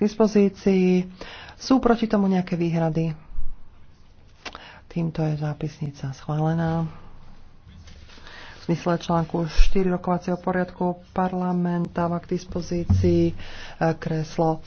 dispozícii. Sú proti tomu nejaké výhrady? Týmto je zápisnica schválená. V smysle článku 4 rokovacieho poriadku parlament dáva k dispozícii eh, kreslo